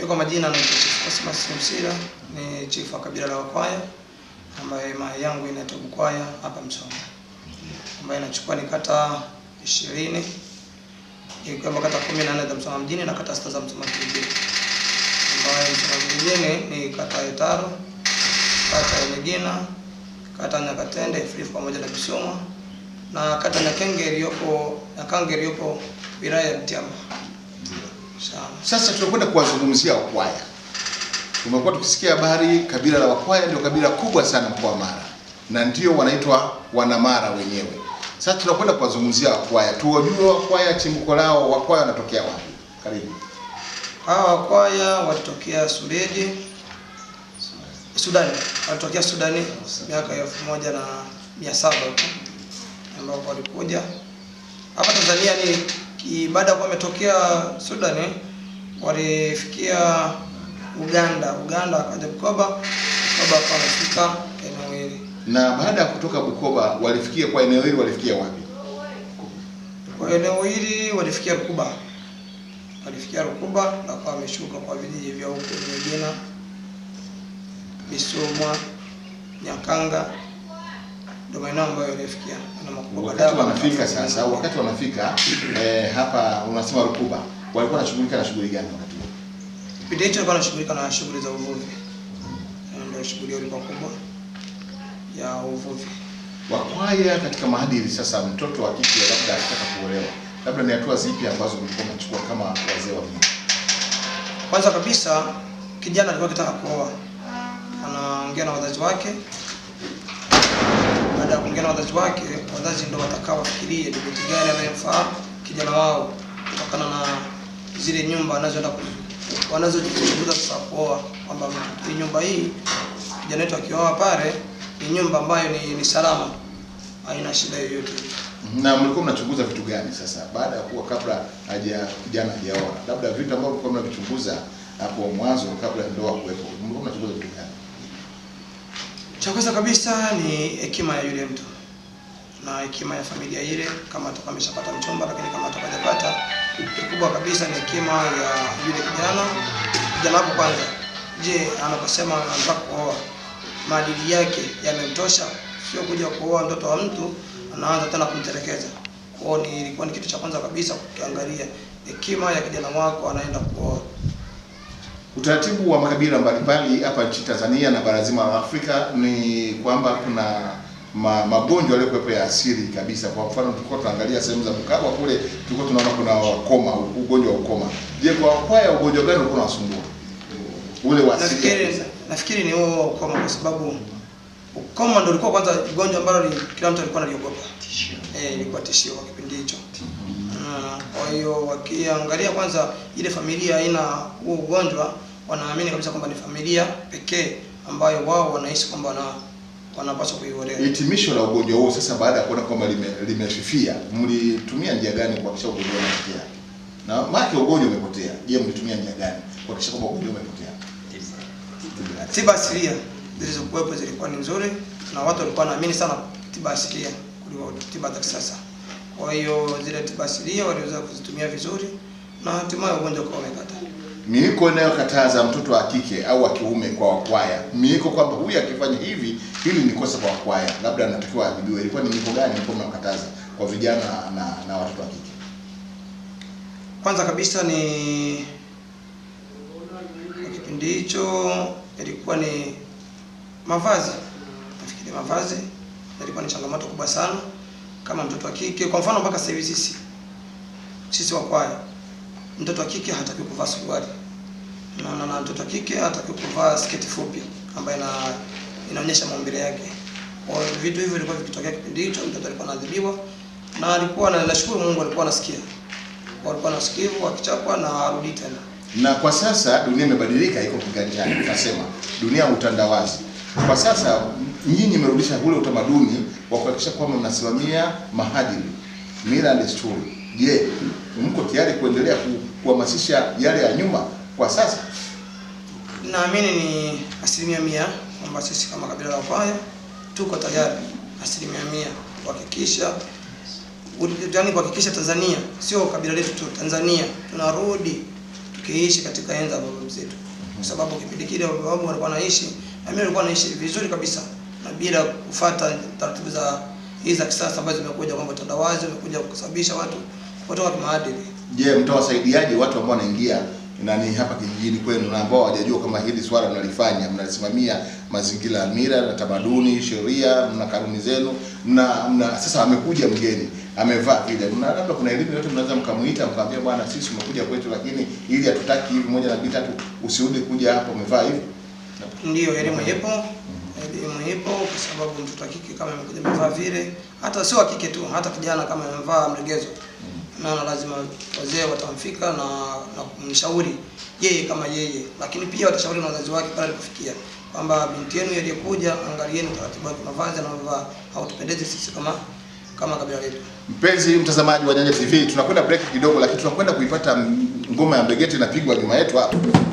Mimi kwa majina ni Cosmas Msira, ni chifu wa kabila la Wakwaya ambaye mai yangu inaitwa Bukwaya hapa Msoma, ambayo inachukua ni kata ishirini ikiwemo kata kumi za Msoma mjini na kata 6 za Msoma vijijini, ambayo Msoma vijijini ni kata ya Itaro, kata ya Nyegina, kata ya Nyakatende, Ifrifu pamoja na Kisoma na kata ya Nyakenge iliyopo Nyakange iliyopo wilaya ya Butiama. Sawa. Sasa tunakwenda kuwazungumzia Wakwaya. Tumekuwa tukisikia habari kabila la Wakwaya ndio kabila kubwa sana mkoa wa Mara na ndio wanaitwa Wanamara wenyewe. Sasa tunakwenda kuwazungumzia Wakwaya, tuwajue Wakwaya, chimbuko lao, Wakwaya wanatokea wapi? Karibu. Hawa Wakwaya walitokea Suleje, Sudani, walitokea Sudani miaka elfu moja na mia saba ambapo walikuja hapa Tanzania ni baada ya kuwa wametokea Sudan eh, walifikia Uganda. Uganda wakaja Bukoba, Bukoba wakawa wamefika eneo hili. Na baada ya kutoka Bukoba walifikia kwa eneo hili, walifikia wapi? Kwa eneo hili walifikia Rukuba, walifikia Rukuba na kwa wameshuka kwa vijiji vya huko Nyegena, Misomwa, Nyakanga ndio maeneo ambayo yalifikia na makubwa. Wakati wanafika sasa, wakati wanafika eh, hapa unasema rukuba, walikuwa wanashughulika na shughuli gani wakati huo? Kipindi hicho walikuwa wanashughulika na shughuli za uvuvi, eh, ndio shughuli yao kubwa ya uvuvi. Wakwaya katika maadili, sasa mtoto wa kike labda akitaka kuolewa, labda ni hatua zipi ambazo mlikuwa mnachukua kama wazee wa mji? Kwanza kabisa kijana alikuwa akitaka kuoa, anaongea na wazazi wake baada ya kuongea na wazazi wake, wazazi ndio watakao wafikirie ni binti gani anayemfaa kijana wao kutokana na zile nyumba anazoenda wanazojiuza sasa kuoa, kwamba hii nyumba hii kijana wetu akioa pale ni nyumba ambayo ni, ni salama haina shida yoyote. Na mlikuwa mnachunguza vitu gani sasa baada ya kuwa kabla haja kijana hajaoa, labda vitu ambavyo mlikuwa mnachunguza hapo mwanzo kabla ndoa kuwepo, mlikuwa mnachunguza vitu gani? Cha kwanza kabisa ni hekima ya yule mtu na hekima ya familia ile, kama atakuwa ameshapata mchumba. Lakini kama tukajapata, kikubwa kabisa ni hekima ya yule kijana. Kijana hapo kwanza, je, anaposema anataka kuoa, maadili yake yamemtosha? Sio kuja kuoa mtoto wa mtu anaanza tena kumtelekeza. Kwao ni ilikuwa ni kitu cha kwanza kabisa kukiangalia, hekima ya kijana wako anaenda kuoa Utaratibu wa makabila mbalimbali hapa nchini Tanzania na bara zima la Afrika ni kwamba kuna ma, magonjwa yaliyokuwepo ya asili kabisa. Kwa mfano tulikuwa tunaangalia sehemu za mkabwa kule, tulikuwa tunaona kuna wakoma, ugonjwa wa ukoma. Je, kwa Wakwaya ugonjwa gani ulikuwa unasumbua? Ule wa asili. Nafikiri nafikiri ni huo ukoma, kwa sababu ukoma ndio ulikuwa kwanza ugonjwa ambalo kila mtu alikuwa analiogopa. Eh, ilikuwa tishio kwa kipindi hicho. Kwa hiyo wakiangalia kwanza ile familia haina huo ugonjwa, wanaamini kabisa kwamba ni familia pekee ambayo wao wanahisi kwamba wana wanapaswa kuiolea. Hitimisho la ugonjwa huo sasa, baada ya kuona kwamba limefifia, lime mlitumia njia gani kuhakikisha ugonjwa unafikia na maana ugonjwa umepotea? Je, mlitumia njia gani kuhakikisha kwamba ugonjwa umepotea? Tiba asilia zilizokuwepo zilikuwa ni nzuri na watu walikuwa wanaamini sana tiba asilia kuliko tiba za kisasa. Kwa hiyo zile tiba asilia waliweza kuzitumia vizuri na hatimaye ugonjwa kwa umekata. Miiko inayokataza mtoto wa kike au wa kiume kwa wakwaya, miiko kwamba huyu akifanya hivi hili ni kosa kwa wakwaya, labda anatakiwa adhibiwe, ilikuwa ni miiko gani ilikuwa mnakataza kwa vijana na, na watoto wa kike? Kwanza kabisa ni kipindi hicho ilikuwa ni mavazi, nafikiri mavazi yalikuwa ni changamoto kubwa sana kama mtoto wa kike. Kwa mfano mpaka sasa hivi sisi sisi wa kwaya, mtoto wa kike hataki kuvaa suruali na, na, na mtoto wa kike hataki kuvaa sketi fupi ambayo ina inaonyesha maumbile yake. Kwa vitu hivyo vilikuwa vikitokea kipindi hicho, mtoto alikuwa anadhibiwa na alikuwa na nashukuru Mungu alikuwa anasikia, walikuwa nasikivu, wakichapwa na arudi tena. Na kwa sasa dunia imebadilika, iko kiganjani. Nasema dunia utandawazi kwa sasa nyinyi mmerudisha ule utamaduni wa kuhakikisha kwamba mnasimamia maadili, mila na desturi. Je, mko tayari kuendelea kuhamasisha yale ya nyuma kwa sasa? Naamini ni asilimia mia kwamba sisi kama kabila la Wafaya tuko tayari asilimia mia kuhakikisha yaani kuhakikisha Tanzania sio kabila letu tu, Tanzania tunarudi tukiishi katika enza za babu zetu, kwa sababu kipindi kile babu walikuwa wanaishi na mimi nilikuwa naishi vizuri kabisa na bila kufata taratibu za hizi za kisasa ambazo zimekuja kwamba utandawazi umekuja kusababisha watu kupotoka kimaadili. Je, mtawasaidiaje watu ambao wanaingia nani hapa kijijini kwenu na ambao hawajajua kama hili swala mnalifanya, mnalisimamia mazingira ya mila na tamaduni, sheria, mna kanuni zenu, na mna sasa amekuja mgeni amevaa vile, mna labda kuna elimu yote mnaweza mkamuita mkamwambia, bwana, sisi umekuja kwetu, lakini ili hatutaki hivi moja na mbili tatu, usirudi kuja hapo umevaa hivi. Ndio elimu ipo elimu ipo, kwa sababu mtoto wa kike kama amekuja amevaa vile, hata sio wa kike tu, hata kijana kama amevaa mlegezo, mm. maana lazima wazee watamfika na na kumshauri yeye kama yeye, lakini pia watashauri na wazazi wake pale alipofikia kwamba binti yenu aliyekuja, angalieni utaratibu wake, mavazi anayovaa hautupendezi sisi kama kama kabila letu. Mpenzi mtazamaji wa Nyanja TV, tunakwenda break kidogo, lakini tunakwenda kuipata ngoma ya Mbegeti inapigwa nyuma yetu hapa.